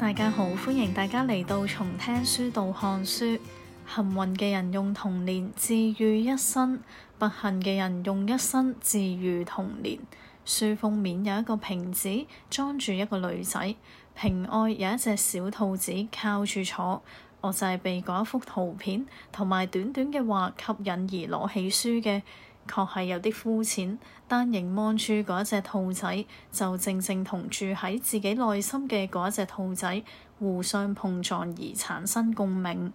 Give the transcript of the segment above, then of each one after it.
大家好，歡迎大家嚟到從聽書到看書。幸運嘅人用童年治愈一生，不幸嘅人用一生治愈童年。書封面有一個瓶子裝住一個女仔，瓶外有一隻小兔子靠住坐。我就係被嗰一幅圖片同埋短短嘅話吸引而攞起書嘅。確係有啲膚淺，但凝望住嗰隻兔仔，就正正同住喺自己內心嘅嗰隻兔仔互相碰撞而產生共鳴。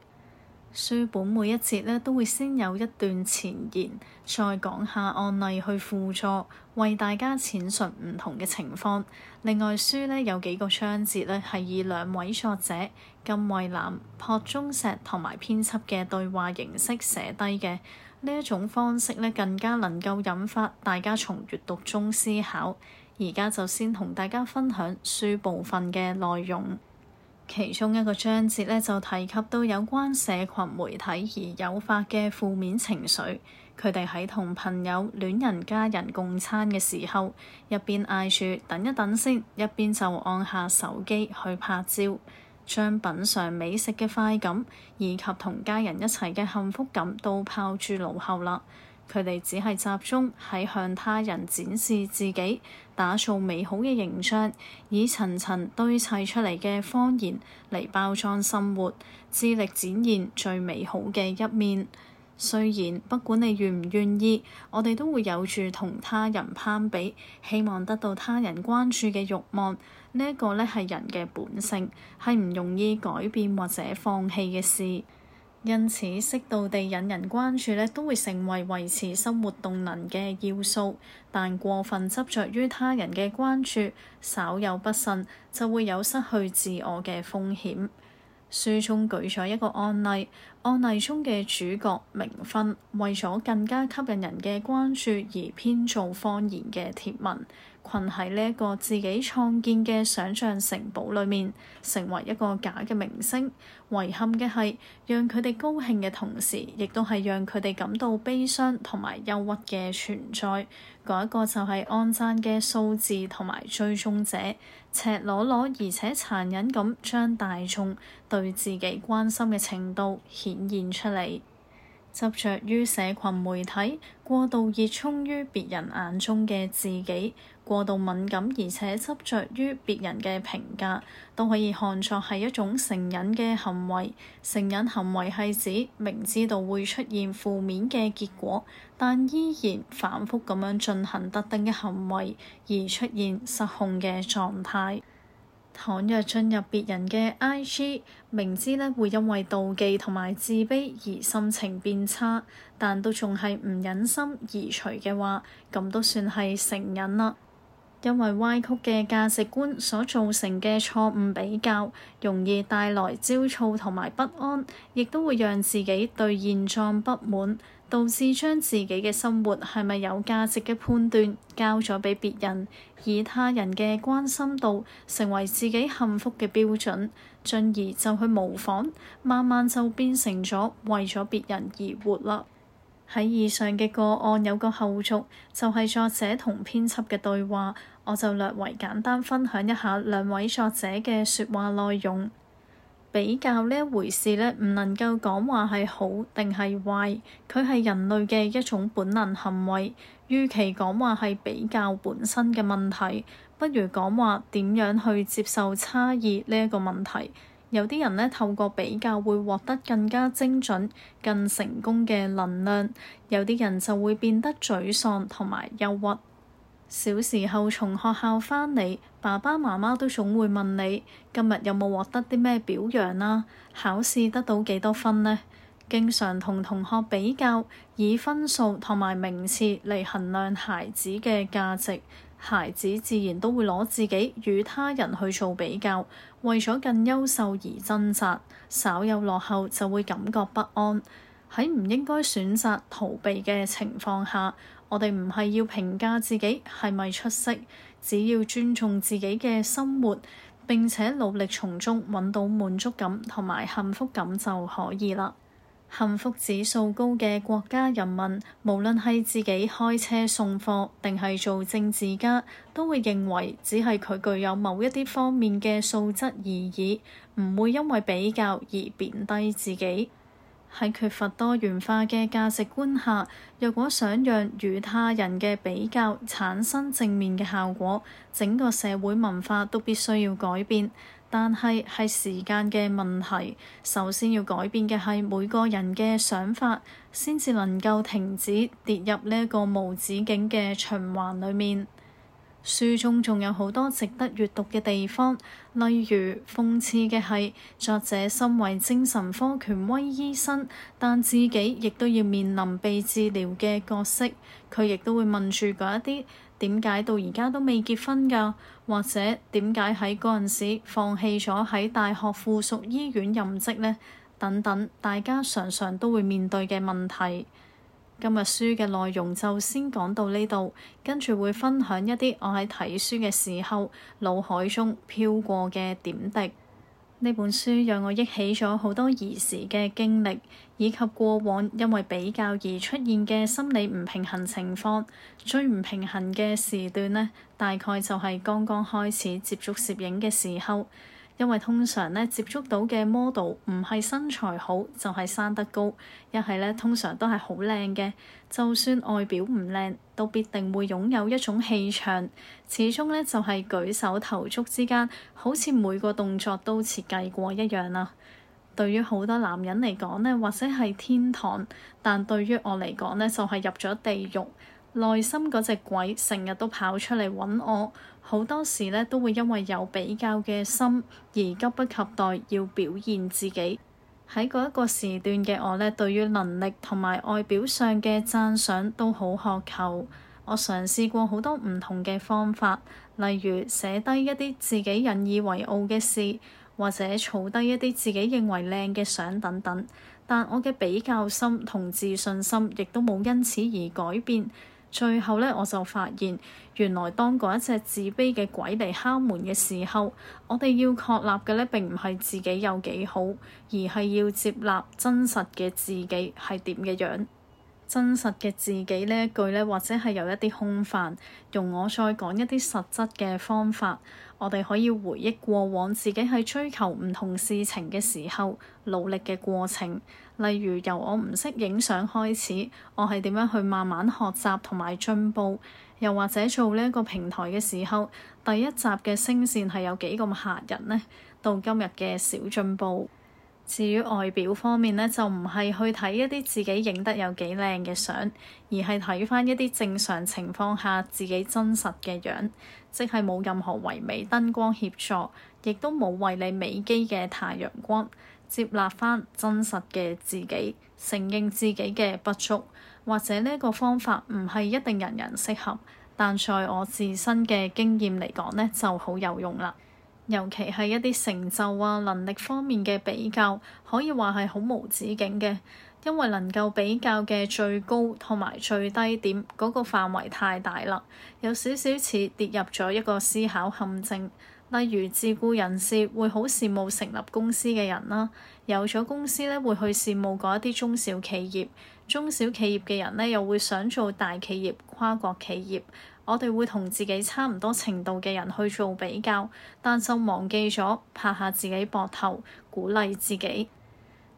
書本每一節呢都會先有一段前言，再講下案例去輔助，為大家淺述唔同嘅情況。另外，書呢有幾個章節呢係以兩位作者金惠南、朴忠石同埋編輯嘅對話形式寫低嘅。呢一種方式咧，更加能夠引發大家從閱讀中思考。而家就先同大家分享書部分嘅內容，其中一個章節咧就提及到有關社群媒體而誘發嘅負面情緒。佢哋喺同朋友、戀人、家人共餐嘅時候，一邊嗌住等一等先，一邊就按下手機去拍照。將品嚐美食嘅快感，以及同家人一齊嘅幸福感都拋諸腦後啦。佢哋只係集中喺向他人展示自己，打造美好嘅形象，以層層堆砌出嚟嘅謊言嚟包裝生活，致力展現最美好嘅一面。雖然不管你願唔願意，我哋都會有住同他人攀比，希望得到他人關注嘅慾望。呢一個咧係人嘅本性，係唔容易改變或者放棄嘅事。因此，適度地引人關注咧，都會成為維持生活動能嘅要素。但過分執着於他人嘅關注，稍有不慎，就會有失去自我嘅風險。書中舉咗一個案例，案例中嘅主角明芬為咗更加吸引人嘅關注而編造謊言嘅帖文。困喺呢一個自己創建嘅想像城堡裏面，成為一個假嘅明星。遺憾嘅係，讓佢哋高興嘅同時，亦都係讓佢哋感到悲傷同埋憂鬱嘅存在。嗰一個就係按讚嘅數字同埋追蹤者，赤裸裸而且殘忍咁將大眾對自己關心嘅程度顯現出嚟。執着於社群媒體，過度熱衷於別人眼中嘅自己，過度敏感而且執着於別人嘅評價，都可以看作係一種成癮嘅行為。成癮行為係指明知道會出現負面嘅結果，但依然反覆咁樣進行特定嘅行為而出現失控嘅狀態。倘若進入別人嘅 IG，明知咧會因為妒忌同埋自卑而心情變差，但都仲係唔忍心移除嘅話，咁都算係成癮啦。因為歪曲嘅價值觀所造成嘅錯誤比較，容易帶來焦躁同埋不安，亦都會讓自己對現狀不滿，導致將自己嘅生活係咪有價值嘅判斷交咗畀別人，以他人嘅關心度成為自己幸福嘅標準，進而就去模仿，慢慢就變成咗為咗別人而活啦。喺以上嘅個案有個後續，就係作者同編輯嘅對話，我就略為簡單分享一下兩位作者嘅説話內容。比較呢回事呢，唔能夠講話係好定係壞，佢係人類嘅一種本能行為。與其講話係比較本身嘅問題，不如講話點樣去接受差異呢一個問題。有啲人呢，透過比較會獲得更加精準、更成功嘅能量，有啲人就會變得沮喪同埋憂鬱。小時候從學校返嚟，爸爸媽媽都總會問你：「今日有冇獲得啲咩表揚啊？考試得到幾多分呢？」經常同同學比較，以分數同埋名次嚟衡量孩子嘅價值。孩子自然都會攞自己與他人去做比較，為咗更優秀而掙扎，稍有落後就會感覺不安。喺唔應該選擇逃避嘅情況下，我哋唔係要評價自己係咪出色，只要尊重自己嘅生活，並且努力從中揾到滿足感同埋幸福感就可以啦。幸福指數高嘅國家人民，無論係自己開車送貨定係做政治家，都會認為只係佢具有某一啲方面嘅素質而已，唔會因為比較而貶低自己。喺缺乏多元化嘅價值觀下，若果想讓與他人嘅比較產生正面嘅效果，整個社會文化都必須要改變。但係係時間嘅問題，首先要改變嘅係每個人嘅想法，先至能夠停止跌入呢一個無止境嘅循環裡面。書中仲有好多值得閱讀嘅地方，例如諷刺嘅係作者身為精神科權威醫生，但自己亦都要面臨被治療嘅角色，佢亦都會問住嗰一啲，點解到而家都未結婚㗎？或者點解喺嗰陣時放棄咗喺大學附屬醫院任職呢？等等，大家常常都會面對嘅問題。今日書嘅內容就先講到呢度，跟住會分享一啲我喺睇書嘅時候腦海中飄過嘅點滴。呢本書讓我憶起咗好多兒時嘅經歷，以及過往因為比較而出現嘅心理唔平衡情況。最唔平衡嘅時段呢，大概就係剛剛開始接觸攝影嘅時候。因為通常咧接觸到嘅 model 唔係身材好，就係生得高，一係咧通常都係好靚嘅。就算外表唔靚，都必定會擁有一種氣場。始終咧就係舉手投足之間，好似每個動作都設計過一樣啊。對於好多男人嚟講咧，或者係天堂，但對於我嚟講咧，就係入咗地獄。內心嗰隻鬼成日都跑出嚟揾我，好多時呢，都會因為有比較嘅心而急不及待要表現自己。喺嗰一個時段嘅我呢，對於能力同埋外表上嘅讚賞都好渴求。我嘗試過好多唔同嘅方法，例如寫低一啲自己引以為傲嘅事，或者儲低一啲自己認為靚嘅相等等。但我嘅比較心同自信心亦都冇因此而改變。最後咧，我就發現原來當嗰一隻自卑嘅鬼嚟敲門嘅時候，我哋要確立嘅咧並唔係自己有幾好，而係要接納真實嘅自己係點嘅樣，樣。真實嘅自己咧，句咧或者係有一啲空泛。容我再講一啲實質嘅方法。我哋可以回憶過往自己喺追求唔同事情嘅時候努力嘅過程，例如由我唔識影相開始，我係點樣去慢慢學習同埋進步，又或者做呢一個平台嘅時候，第一集嘅聲線係有幾咁嚇人呢？到今日嘅小進步。至於外表方面呢，就唔係去睇一啲自己影得有幾靚嘅相，而係睇翻一啲正常情況下自己真實嘅樣，即係冇任何唯美燈光協助，亦都冇為你美肌嘅太陽光，接納翻真實嘅自己，承認自己嘅不足。或者呢個方法唔係一定人人適合，但在我自身嘅經驗嚟講呢就好有用啦。尤其係一啲成就啊、能力方面嘅比較，可以話係好無止境嘅，因為能夠比較嘅最高同埋最低點嗰個範圍太大啦，有少少似跌入咗一個思考陷阱。例如自雇人士會好羨慕成立公司嘅人啦，有咗公司咧會去羨慕嗰一啲中小企業，中小企業嘅人咧又會想做大企業、跨國企業。我哋會同自己差唔多程度嘅人去做比較，但就忘記咗拍下自己膊頭，鼓勵自己。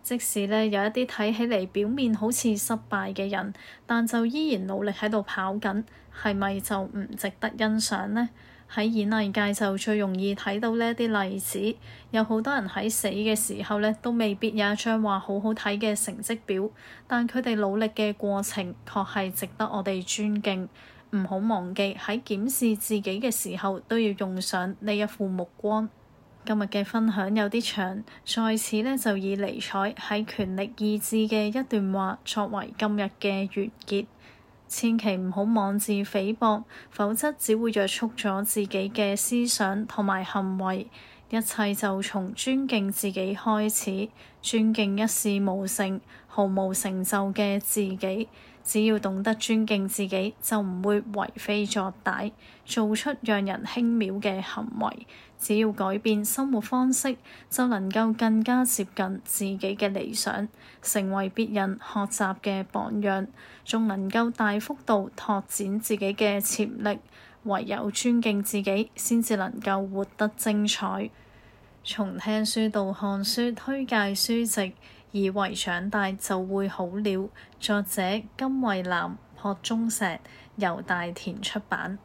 即使咧有一啲睇起嚟表面好似失敗嘅人，但就依然努力喺度跑緊，係咪就唔值得欣賞呢？喺演藝界就最容易睇到呢啲例子，有好多人喺死嘅時候呢，都未必有一張話好好睇嘅成績表，但佢哋努力嘅過程確係值得我哋尊敬。唔好忘記喺檢視自己嘅時候都要用上呢一副目光。今日嘅分享有啲長，在此呢，就以尼采喺權力意志嘅一段話作為今日嘅完結。千祈唔好妄自菲薄，否則只會約束咗自己嘅思想同埋行為。一切就從尊敬自己開始，尊敬一事無成、毫無成就嘅自己。只要懂得尊敬自己，就唔會為非作歹，做出讓人輕蔑嘅行為，只要改變生活方式，就能夠更加接近自己嘅理想，成為別人學習嘅榜樣，仲能夠大幅度拓展自己嘅潛力。唯有尊敬自己，先至能夠活得精彩。從聽書到看書，推介書籍，以為長大就會好了。作者：金惠南、樸鍾石，由大田出版。